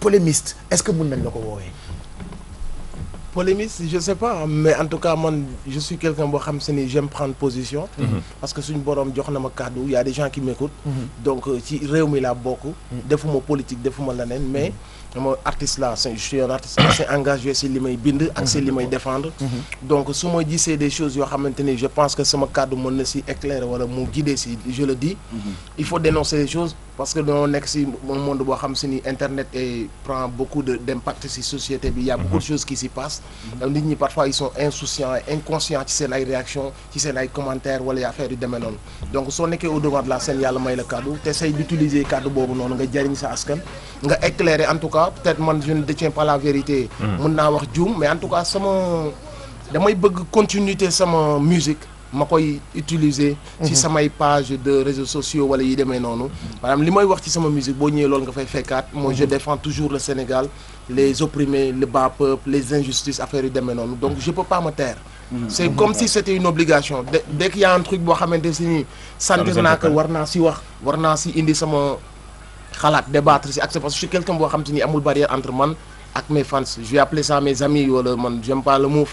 polémiste est-ce que mën nañ la ko woowee. polémiste je sais pas mais en tout cas man je suis quelqu'un boo xam se ni j'aime prendre position mhm. parce que suñu boroom jox na ma kàddu y a des gens qui m'écoutent mm -hmm. donc euh, ci réew mi laa bokk mhm. defuma politique defuma leneen mais mhm. mooy artiste la je suis si li may bind ak si li may défendre mm-hmm. Mm-hmm. donc su ma gisee des choses yoo xamante ni je pense que sama kàddu mën na si éclairer wala mu guider si je le dis mm-hmm. il faut dénoncer les choses parce que dañoo nekk si monde boo xam si ni internet et prend beaucoup de d' impact si société bi y a beaucoup de choses qui s'y passent nit ñi parfois ils sont insouciants et ci seen ay réaction ci seen ay commentaires wala affaire yu demee noonu donc soo nekkee au devant de la scène yàlla may la kàddu te boobu noonu nga jëriñ sa askan cas peut-être man je ne détiens la vérité. Hmm. mën naa wax juum mais en tout cas sama damay bëgg continuité sama musique ma koy utiliser. ci hmm. samay page de réseaux sociaux wala yi demee noonu. maanaam li may wax ci sama musique boo ñëwee loolu nga fay fekkaat. mooy je hmm. défends toujours le Sénégal les opprimés le bas peuple les injustices affaires yi demee noonu donc je peux pas me taire. c'est comme si c'était une obligation dès qu'il a un boo xamante si nii. sentir naa si wax war naa si indi xalaat débattre si ak parce que je boo xam te ni amul barrière entre man ak mes fans je vais appeler ça mes wala man j'aime mhm.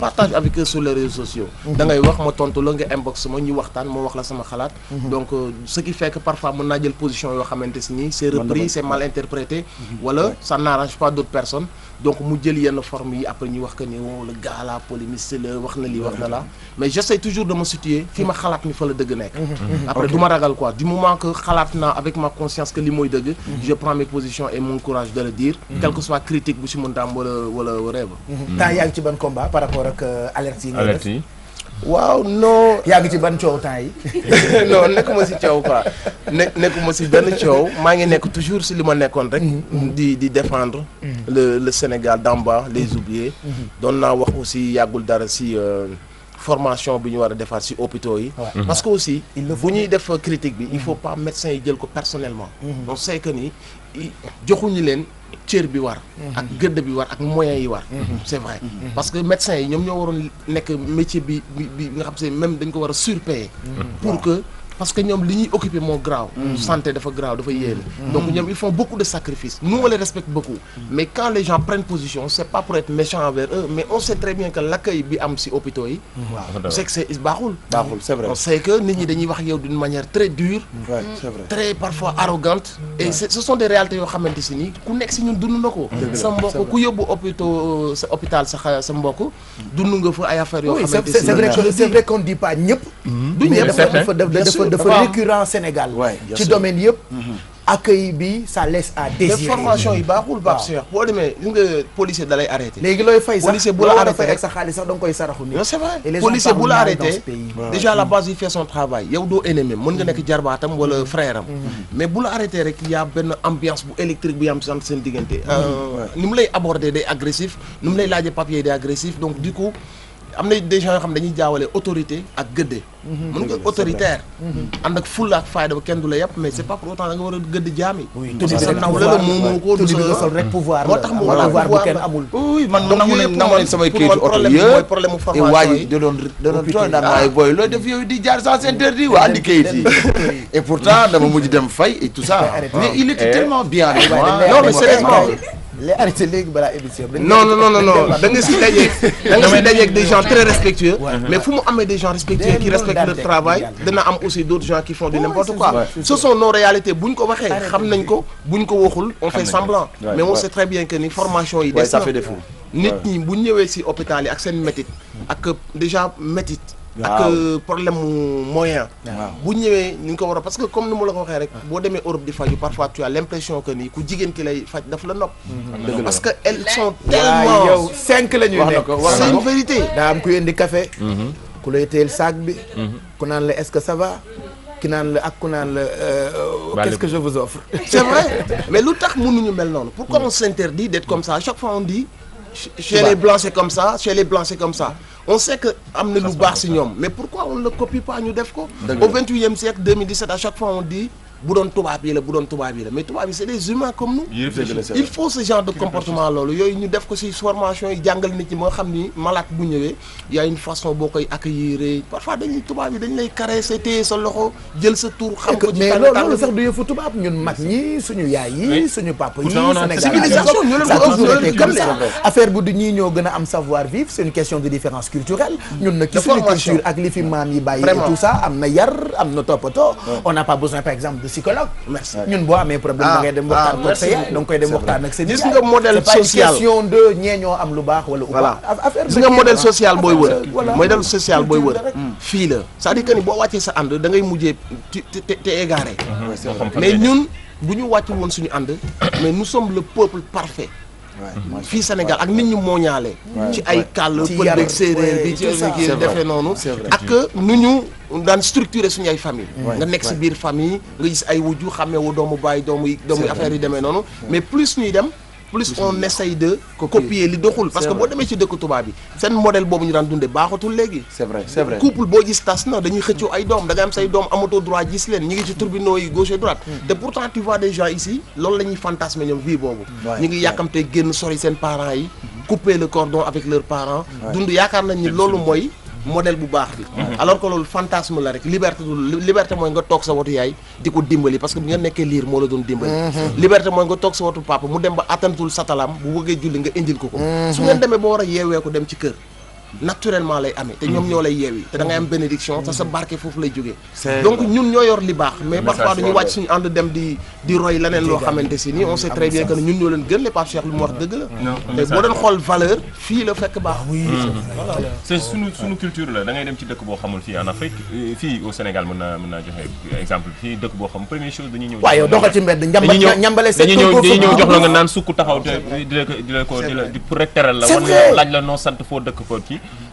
partage avec sur les réseaux sociaux mhm. da wax ma tontu la nga inbox ma ñu waxtaan ma wax la sama xalaat mhm. donc euh, ce qui fait parfois mën naa jël position yoo xamante si nii c'est repris c'est mal interprété wala ça n'arrange pas d'autres personnes donc mu jël yenn forme yi après ñu wax que ni wow la gaa la la wax na lii wax na la mais j'essaie toujours de me fi ma xalaat ni fa la dëgg nekk mhm. après du ragal quoi du moment que xalaat na avec ma conscience que li mooy dëgg je prends mes positions et mon courage de le dire mhm. quelle que soit critique bu si mën taam wala wala rêve mhm. temps yaa ci ban combat par rapport ak euh, alerte yi alerte waaw non. yàgg ci ban coow temps yi. non nekkuma si coow quoi nekkuma si benn coow maa ngi nekk toujours si li ma nekkoon rek. Mm-hmm. di di défendre. Mm-hmm. le Sénégal damba bas les mm-hmm. oubliés. doon naa wax aussi yàggul dara si. Euh, formation bi ñu war a defar ci hôpitaux yi mhm. parce que aussi bu ñuy def critique bi il faut mhm. pas médecin yi jël ko personnellement mhm. on sait que ni joxuñu leen cër bi war ak gëdd bi war ak moyens yi war c'est vrai parce que médecins yi ñoom ñoo waroon nekk métier bi nga xam se même dañ ko war a surpayer pour que parce que ñoom li ñuy occupé moo graaw mm. santé dafa graaw dafa yéeme mm. donc ñoom ils font beaucoup de sacrifices nous on les respecte mm. mais quand les gens prennent position c'est pas pour être méchant envers eux mais on sait très bien que l'accueil bi am ci hôpitaux yi baaxul baaxul c'est vrai on que nit ñi dañuy wax yow d'une manière très dure très parfois arrogante et ce sont des réalités yoo xamante si nii ku nekk si ñun dund na ko. sa mbokk ku yóbbu hôpitaux euh, sa hôpital sa sa mbokk. dund nga fa ay affaires yoo xamante si. c'est vrai que c'est vrai qu'on dit pas ñëpp. Mm-hmm. du ñëpp dafa dafa dafa récurrent Sénégal. ci domaine yëpp. Mm-hmm. accueil bi sa laisse à désirer. yi baaxul baax si boo demee gis nga policier da lay arrêté. léegi looy fay sax policier bu la arrêté rek sa xaalis sax da nga koy saraxu nii. bu la arrêté déjà la mm-hmm. base il fait son travail yow doo ennemi mën nga nekk mm-hmm. jarbaatam wala mm-hmm. frère mais bu la arrêté rek y benn ambiance bu électrique bu yam sant seen diggante. Euh, ni mu lay aborder day agressif ni mu lay laajee papier day agressif donc du coup. am na des gens yoo xam dañuy jaawale autorité ak gëdde mhm. mën nga autoritaire mhm. ànd ak fulla ak fayda ba kenn du la yàpp mais c' est pas pour autant a gëdd moo mënu du sol rek pouvoir moo tax mu war a pouvoir man nangu nañ nangu nañ samay këyitu oto yëpp mooy problème mu formation waa ji da doon da doon tooy naan waaye booy looy def yooyu dama mujj dem fay et tout ça mais il était tellement bien avec moi les arrêté léegi balaa émission bi. non non non non da si dajeeg da si dajeeg des gens très respectueux. mais fu mu amee des gens respectueux qui respectent leur travail. dana am aussi d' autres gens qui font du n'importe quoi. ce sont nos réalités bu ñu ko waxee xam nañ ko bu ñu ko waxul on fait semblant. mais on sait très bien que ni formation yi. des na nit ñi bu ñëwee si hôpital yi ak seen métit. ak déjà métit. ak problème mu moyen. bu ñëwee ni nga ko war parce que comme ni mu la ko waxee rek. Ah. boo demee Europe di faju parfois tu as l' impression nii ku jigéen ki lay faj daf la nopp. Mm-hmm. parce que elles sont tellement cinq la ñuy nekk c'est une vérité. daa ku kuy indi café. Mm-hmm. ku lay teel saag bi. Mm-hmm. ku naan la est ce que saba ki naan la ak ku naan la euh, qu'est-ce que je vous offre. c'est vrai mais lu tax mënuñu mel noonu. pourquoi on s'interdit d'être comme ça à chaque fois on comme ça chez les blancs comme ça. on sait que am na lu baax si ñoom mais pourquoi on ne copie pas ñu def ko au 28e siècle 2017 à chaque fois on dit bu doon tubaab yi la bu doon tubaab yi la mais tubaab yi c'est des humains comme nous il faut ce genre de comportement loolu yooyu ñu def ko ci formation yi jàngal nit ñi moo xam ni malaat bu ñëwee y a une façon boo koy accueillir parfois dañuy tubaab yi dañ lay caresser téye sa loxo jël sa tour xam ko mais loolu sax du yëfu tubaab ñun mag ñi suñu yaay yi suñu papa yi civilisation ñu leen ko ëpp comme ça affaire bu du ñii ñoo gën a am savoir vivre c'est une question de différence culturelle ñun nag ci li fi maam yi bàyyi tout am na yar am na toppatoo on n'a pas besoin du psychologue. merci ñun boo amee problème ah, da ngay dem waxtaan ah, ak sa yaay da nga koy dem waxtaan ak sa gis nga modèle social question de booy wër modèle social booy wër hmm. fii la c'est-à-dire boo wàccee sa ànd da mujjee te égaré mm-hmm. mais ñun bu ñu wàcc woon suñu ànd mais nous sommes peuple parfait Mhm. fii Sénégal ak nit ñu moo ñaale ci ay kàll pëndeg séeréer bi ci ki defee noonu ak nu ñu daan structuré suñu ay famille nga nekk si biir fami nga gis ay wujju xamee wu doomu bàyyi doomu doomu affaire yi demee noonu mais plus ñuy dem plus on essaye de copier li doxul parce que boo demee ci dëkk tubaab bi seen model boobu ñu daan dundee baaxatul léegi c'est vrai c'est vrai couple boo gis tas na dañuy xëccoo ay doom da ngay am say doom amatoo droit gis leen ñi ngi ci tribunaux yi gauche et droite hmm. te pourtant tu vois des gens ici loolu la fantasme ñoom vie boobu ñu ngi yàkkamtee génn sori seen parents yi couper le cordon avec leurs parents dund yaakaar nañ ni loolu mooy modèle bu baax bi mhm. alors que loolu fantasme la rek liberté du liberté mooy nga toog sa watu yaay di ko dimbali parce que bi nga nekkee liir moo la doon dimbali mhm. liberté mooy nga toog sa watu papa mu dem ba attantul satalaam bu bëggee julli nga indil ko ko mhm. su ngeen demee ba war a yeewee ko dem ci kër naturellement lay amee te ñoom mhm. ñoo lay yeewi te da am mhm. bénédiction te sa mhm. barke foofu lay jógee donc ñun ñoo yor li baax mais parfois dañuy wàcc suñu ànd dem di di roy leneen loo dem ci dëkk boo xamul fii en Afrique fii au Sénégal mën naa mën boo xam première chose dañuy ñëw waaw yow doxal ci mbedd jox la nga naan sukk taxaw te di la di di pour rek teral la wan laaj la noo sant foo dëkk foo kii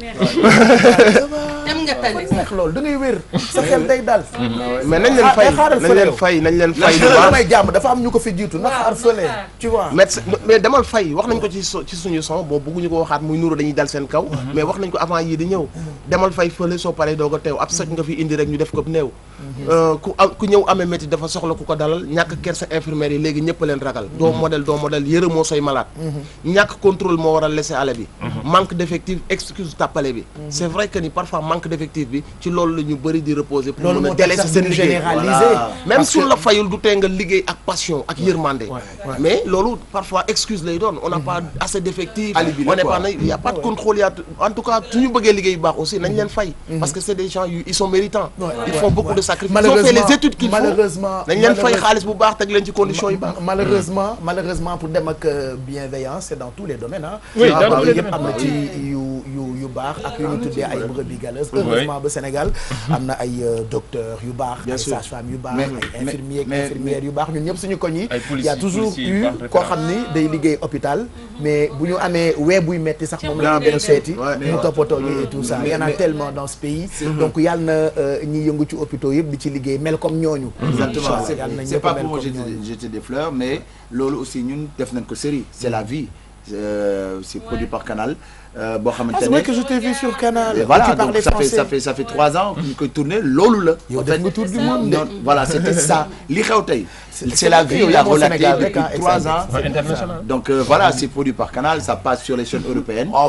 dem nga loolu da ngay wér sa xel day dal mm-hmm. Mm-hmm. mais ah, nañ leen fay nañ leen fay nañ leen fay may jàmm dafa am ñu ko fi jiitu ndax harcelé tu vois mais demal fay wax nañ ko ci ci suñu son boobu bëgguñu ko waxaat muy nuru dañuy dal seen kaw mm-hmm. mais wax nañ ko avant yii di ñëw demal fay fële soo paree doo ko teew ab sëg nga fi indi rek ñu def ko néew Euh, ku ku ñëw amee métti dafa soxla ku ko dalal ñàkk kersa infirmière yi léegi ñëpp ragal doo modèle doo modèle yërëmoo say malade mhm. ñàkk contrôle moo waral laisser aller bi mhm. manque d'effectif excuse tàppale bi mhm. c'est vrai que ni parfois manque d'effectif bi ci loolu ñu bëri di reposer pour mën a seen liggéey même suñ la fayul du tee liggéey ak passion ak yërmande mais loolu parfois excuse lay doon on n'a pas assez d'effectif on n'est pas il a pas de a sacrifice ils ont fait les études qu'il faut malheureusement dañ leen fay xaalis bu baax teg leen ci conditions yu baax. malheureusement malheureusement pour dem ak euh, bienveillance c'est dans tous les domaines am na ci yu yu yu baax ak yu ah, ay brebis galeuses. ba Sénégal euh, yu baax. ay sages-femmes yu baax ay infirmiers ak infirmières yu baax ñun ñëpp koñ yi. y a toujours eu koo xam ni day liggéey hôpital. mais bu ñu amee wee buy metti sax moom la ñu gën a seeti. mu toppatoo ñu et tout mm. ça y tellement dans ce pays. donc yàlla na euh, ñi yëngu ci hôpitaux yëpp di ci liggéey mel comme ñooñu. Mhm. exactement c' est pas pour moi jeter des fleurs mais loolu aussi ñun def nañ ko série c' est la vie euh, c' est produit par Canal. Euh, boo xamante ah, ne c'est vrai que je t'ai vu sur Canal. voilà trois ans. ñu koy tourné loolu la. yow def nga tour du monde voilà c'était ça li xew tey. c'est la vie la relaté depuis trois ans. donc euh, voilà c'est produit par Canal ça passe sur les chaînes européennes. Ah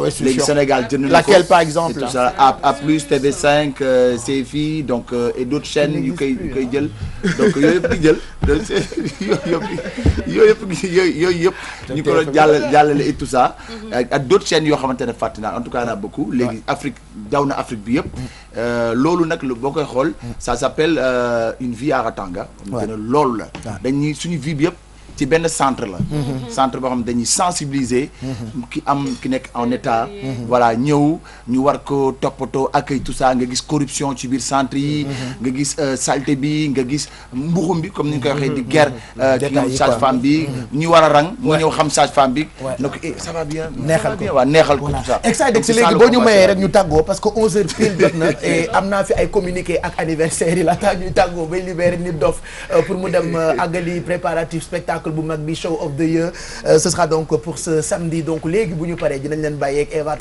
laquelle par exemple. A plus TV5 euh, donc et d'autres chaînes yu koy yu koy jël donc yooyu yëpp di jël yooyu yëpp et tout ça mm-hmm. ak d'autres chaînes yoo xamante ne de fàtte naa en tout cas naa beaucoup léegi Afrique jaww na Afrique bi yëpp mm. euh, loolu nag lu boo koy xool mm. ça s'appelle euh, une vie à ratanga. waaw loolu la dañuy suñu vie bi yëpp ci benn centre la mhm. centre boo xam dañuy sensibiliser mhm. ki am ki nekk en état mhm. voilà ñëw ñu war ko toppatoo accueil tout ça nga gis corruption ci biir centre yi nga gis euh, saleté bi nga gis mbuxum bi comme ni ñu koy waxee di guerre euh, ki nga sage femme bi ñu war a rang mu ñëw xam sage femme bi na ko eh, ça va bien neexal ko waaw neexal ko tout ça boo ñu mayee rek ñu tàggoo parce que onze heures pile jot na et am naa fi ay communiqué ak anniversaire yi laataa ñuy tàggoo bay libéré nit dof euh, pour mu dem àggali préparatif spectacle spectacle bu mag bi show of the year euh, ce sera donc pour ce samedi donc léegi bu ñu paree dinañ leen bàyyeeg Eva.